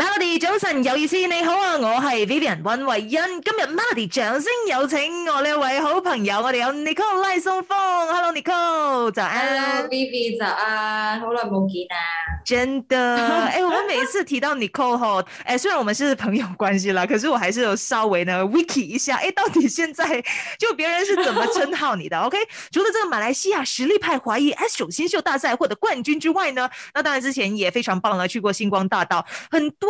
Mandy 早晨，有意思，你好啊，我係 Vivian 溫慧欣，今日 Mandy 掌聲有請我呢位好朋友，我哋有 Nicole Li Song Feng，Hello Nicole，早安 Hello Vivi，早安，好耐冇見啊，真的，誒，我們每次提到 Nicole 後，誒，雖然我們是朋友關係啦，可是我還是有稍微呢 Wiki c 一下，誒，到底現在就別人是怎麼稱號你的？OK，除了這個馬來西亞實力派華裔 S 九新秀大賽獲得冠軍之外呢，那當然之前也非常棒啦，去過星光大道，很多。